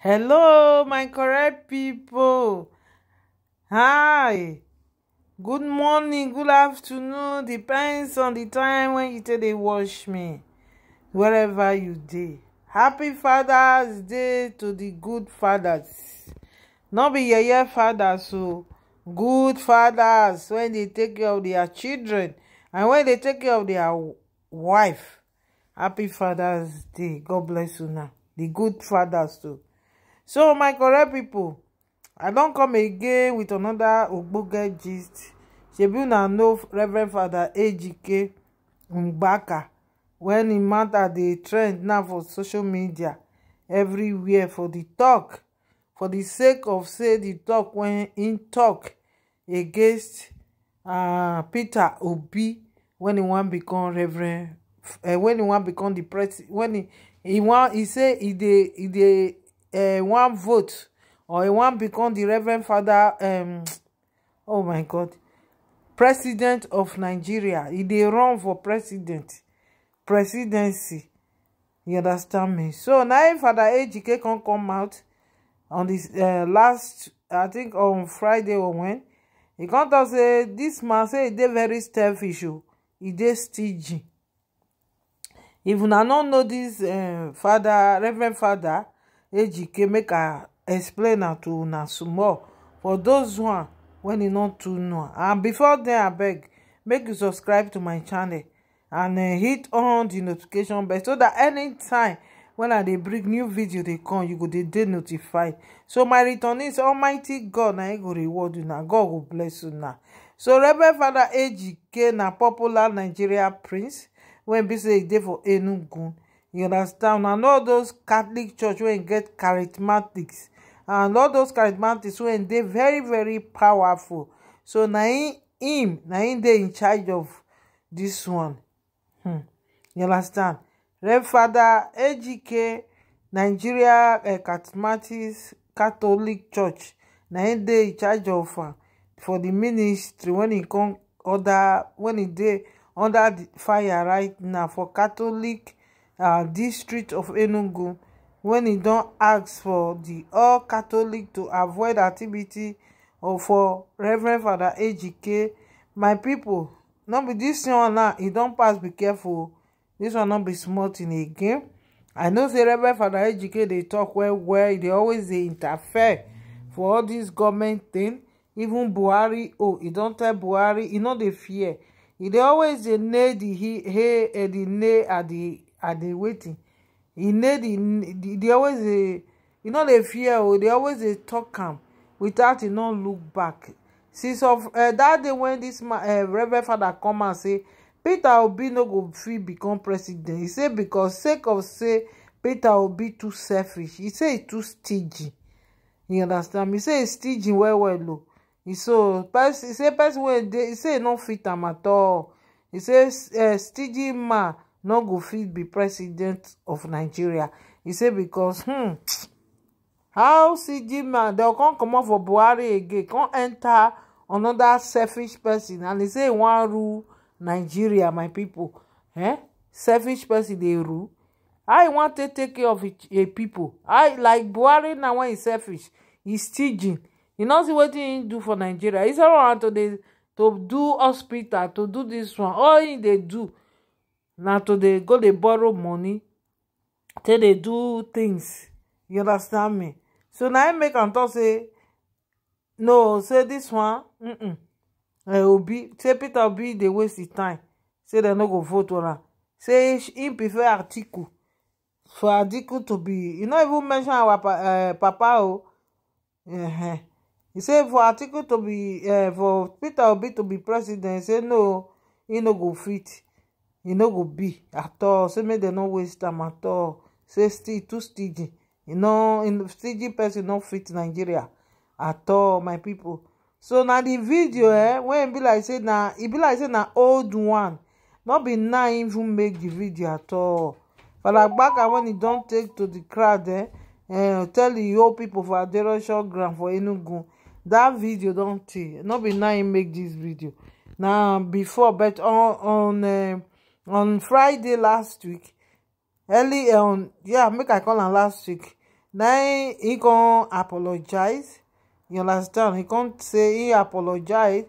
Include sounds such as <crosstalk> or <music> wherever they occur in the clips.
hello my correct people. hi good morning good afternoon depends on the time when you take dey wash me wherever you day. happy fathers day to the good fathers Not be your fathers so good fathers when they take care of their children and when they take care of their wife happy fathers day god bless you now. The good fathers too so my correct people, i don come again with another ogbonge gist shebi una know reverend father ejike mbaka when im matter dey trend now for social media everywhere for the talk, for the sake of say the talk when he talk against uh, peter obi when he wan become reverend eh, when he wan become di president wen he say he he dey uh, one vote or he wan become the reverend father um, <tsk> oh my god president of nigeria He dey run for president presidency you understand me so na im father ejike come come out on this uh, last i think on friday or when he come talk say this man say e dey very selfish o oh. e dey stingy if una no know this, uh, father reverend father ejike make i explain am to una small for those one when you e not too know and before I beg make you subscribe to my channel and eh, hit on the notification bell so that anytime when i they bring new video they come you go dey dey notified so my return is almighty god na I go reward you na god go bless you na so Reverend, father ejike na popular nigeria prince when be say for e dey for you understand and all those catholic church when get charismatics and all those charismatics when they very very powerful so na him now him dey in charge of this one hmm you understand rev Father, ejike nigeria eh, charismatics catholic church Now him dey in charge of am uh, for the ministry when e come under when e dey under the fire right now for catholic Uh, district of enugu when he don't ask for the all catholic to avoid activity or for reverend father ejike my people. no be this one now he don't pass be careful This one not be smart in a game. i know the reverend father ejike they talk well well They always they interfere for all dis government thing. even buhari oh he don't tell buhari e no dey fear e dey always he nail di eh, nail at the. Are they waiting e need e dey always dey e no dey fear o oh, dey always dey eh, talk am without e no look back since of eh, that day when wen uh reverend father come out say peter obi no go fit become president He say because sake of say peter obi too selfish He say e too stingy you understand me He say e stingy well well oh. o He say person wey dey he say e no fit am at all e say eh, stingy man no go fit be president of nigeria He say becos hmm how cgman dem come off for buhari again come enter another selfish person and e say one rule nigeria my people. eh selfish person they rule I want to take care of a I like buhari now when e selfish He's teaching. e no see wetin e do for nigeria He's say one to dey to do hospital to do this one all e dey do na to dey go dey borrow money take dey do things you understand me so na im make am tok say no say this one mm obi say peter obi dey waste his time say dem no go vote for am say im prefer atiku for atiku to be e no even mention our eh, papa o -huh. e say for atiku to be eh, for peter obi to be president say no e no go fit e no go be at all say make dem no waste am at all say still too stingy You no stingy person no fit nigeria at all my pipo so na di video eh wey be like say na e be like say na old one no be now im even make di video at all falagbaka wen e don take to di crowd eh eh tell di old pipo for aderosho ground for enugu dat video don tey no be now im make dis video na before but on on eh, on friday last week early on yeah make i call on last week na he come apologise you understand he come say he apologize.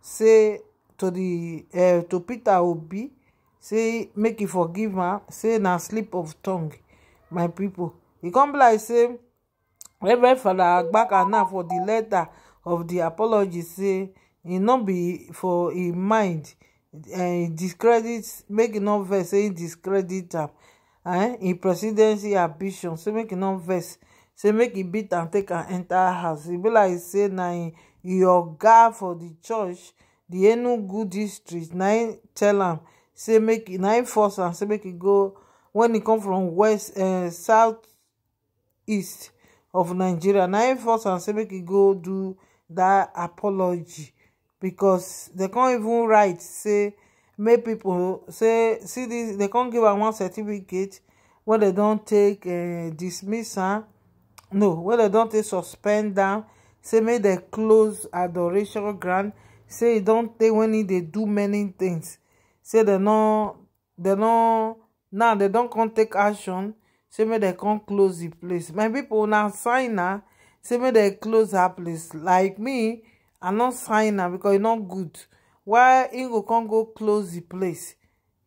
say to the uh, to peter obi say make he forgive am say na slip of tongue my people. He come be like say reverend father agbaka now for the letter of the apology say e not be for im mind uh, discredit make e no vex say e discredit am eh? im presidency ambition say make e no vex say make he beat am take am enter house e be like say na im oga for the church di enugu district na im tell am say make e, na im force am say make he go when he come from west uh, south east of nigeria na im force am say make he go do that apology because they can't even write say make people say see this. They can't give am one certificate when they don't take eh, dismiss am no when they don't take suspend am say make they close adoration ground say don't e don take wen e do many things. say dem no dem no now dem don come take action say may they can't close the place my people now sign na say may they close her place like me i not sign now because e not good why e go come go close the place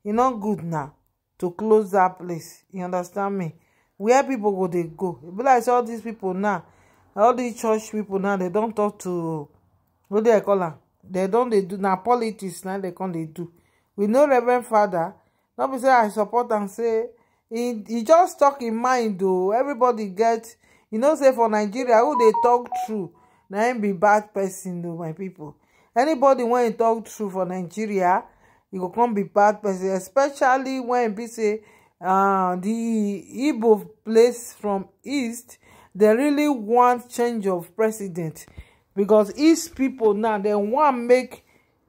e not good now to close that place you understand me Where people go they go e be like all these people now all these church people now they don't talk to what do i call am They don't they do na politics na dem come dey do we know reverend father Nobody say i support and say he he just talk in mind o oh. everybody get you know say for nigeria who they talk true na im be bad person o my people. anybody when you talk true for nigeria you go come be bad person especially when be say uh, the igbo place from east they really want change of president because east people now dem wan make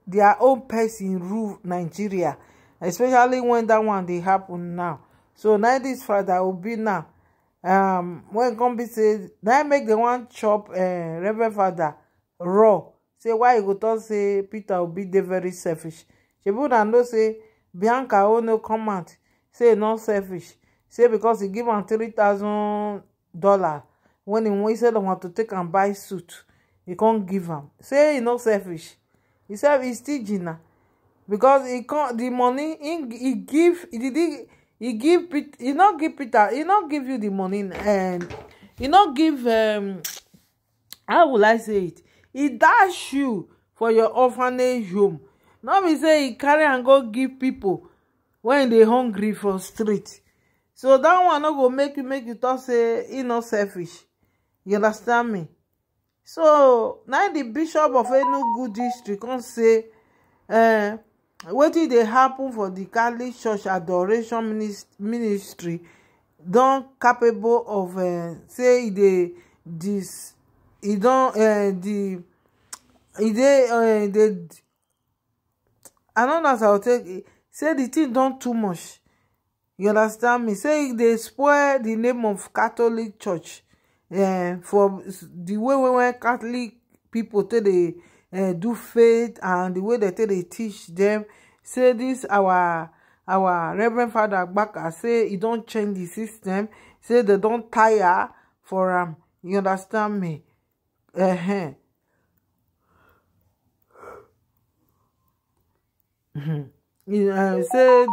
their own person rule nigeria especially when that one they happen now so na dis father be now um when come be say na make the one chop uh, reverend father raw say why e go talk say peter obi dey very selfish shebi una know say bianca o no comment say not selfish say because he give him three thousand dollar when he wan say dem want to take and buy suit he can't give him. say he not selfish He self e still Gina because he e the money he he give he did He give He not give peter He not give you the money and um, he not give um, how will i say it He dash you for your orphanage home no be say he carry and go give people when they hungry for street so that one not go make you make you talk say he not selfish you understand me so now the bishop of enugu district can say uh, wetin dey happen for di catholic church adoration ministry don capable of eh, say e dey dis e don eh, di e dey eh, dey i don't know as i go take say di thing don too much you understand me say e dey spoil di name of catholic church Uh, for di way wey catholic pipo take dey uh, do faith and the way they tell they teach them. say this our our reverend father agbaka say e don't change the system say they don't tire for him. you understand me uh -huh. uh, say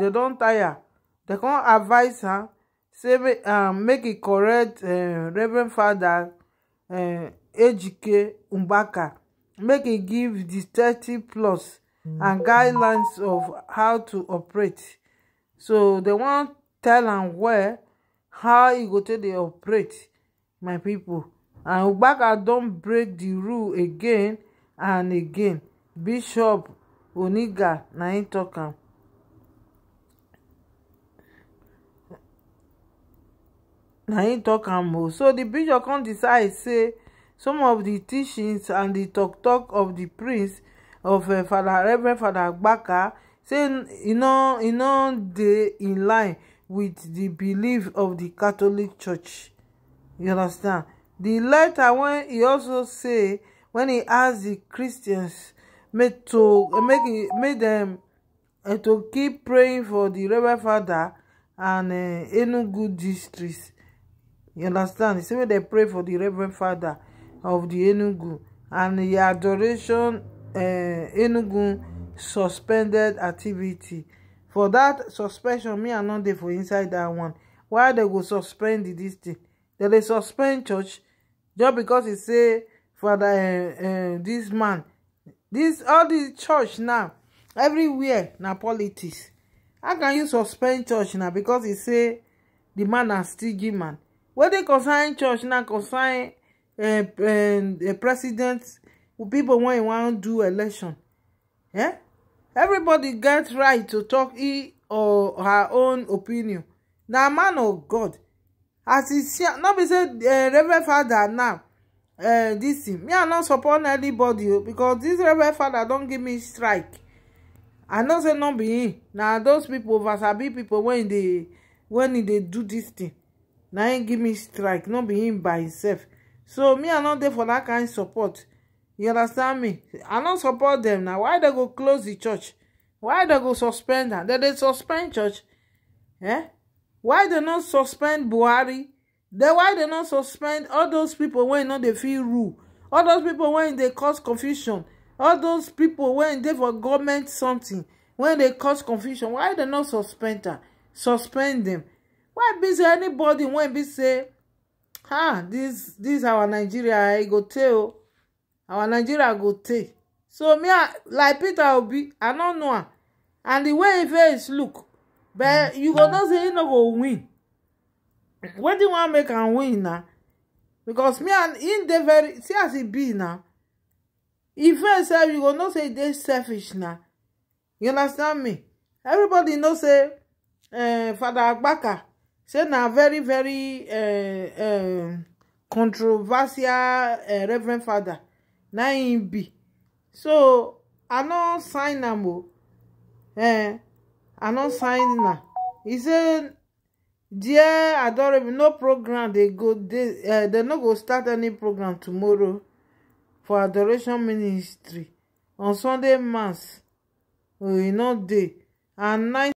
they don't tire They can't advise am say um, make e correct eh, reverend father eh, ejike mbaka make e give di 30 plus and guidelines of how to operate so dem wan tell am well how e go take dey operate my pipo and ugbaka don break di rule again and again bishop oniga na im tok am na im tok am o so the bishop come decide say some of the teachings and the talk talk of the prince of eh, Father reverend father gbaka say e no dey in line with the belief of the catholic church you understand The letter wey e also say when e ask the christians make to make make dem eh, to keep praying for the reverend father and eh, enugu district you understand e say make dem pray for the reverend father of the enugu and the adoration eh, enugu suspended activity for that suspension me i not there for inside that one why they go suspend this thing dem dey suspend church just because e say for father eh, eh, this man This all di church now everywhere na politics how can you suspend church now because e say the man na still man wey they consign church now consign? uh, uh, president people when wan do election Yeah, everybody gets right to talk he or her own opinion Now, man of god as he see no be say eh, reverend father now this thing me i not support anybody because this reverend father don't give me strike i know say not be him Now those pipo vasabi when they when they do this thing now he give me strike not be him by himself so me i not there for that kind support you understand me i no support them now. why they go close the church why they go suspend that? They suspend church eh why they not suspend buhari then why they not suspend all those people when not they feel rule all those people when they cause confusion all those people when they for government something when they cause confusion why they not suspend that? suspend them. why be anybody when be say ah this this our nigeria e go tey o our nigeria go tey so me like peter obi i no know am and the way e face look but mm, you go know say e no go win wetin wan make am win na because me and him dey very see as e be na e face sef you go know say e dey selfish na you understand me everybody know say eh, father agbaka say na very very uh, uh, controversial uh, reverend father na im be so i no sign am o eh i no sign am He say dear adorable no program dey go dey uh, dem no go start any program tomorrow for adoration ministry on sunday mass oh, e no dey and nine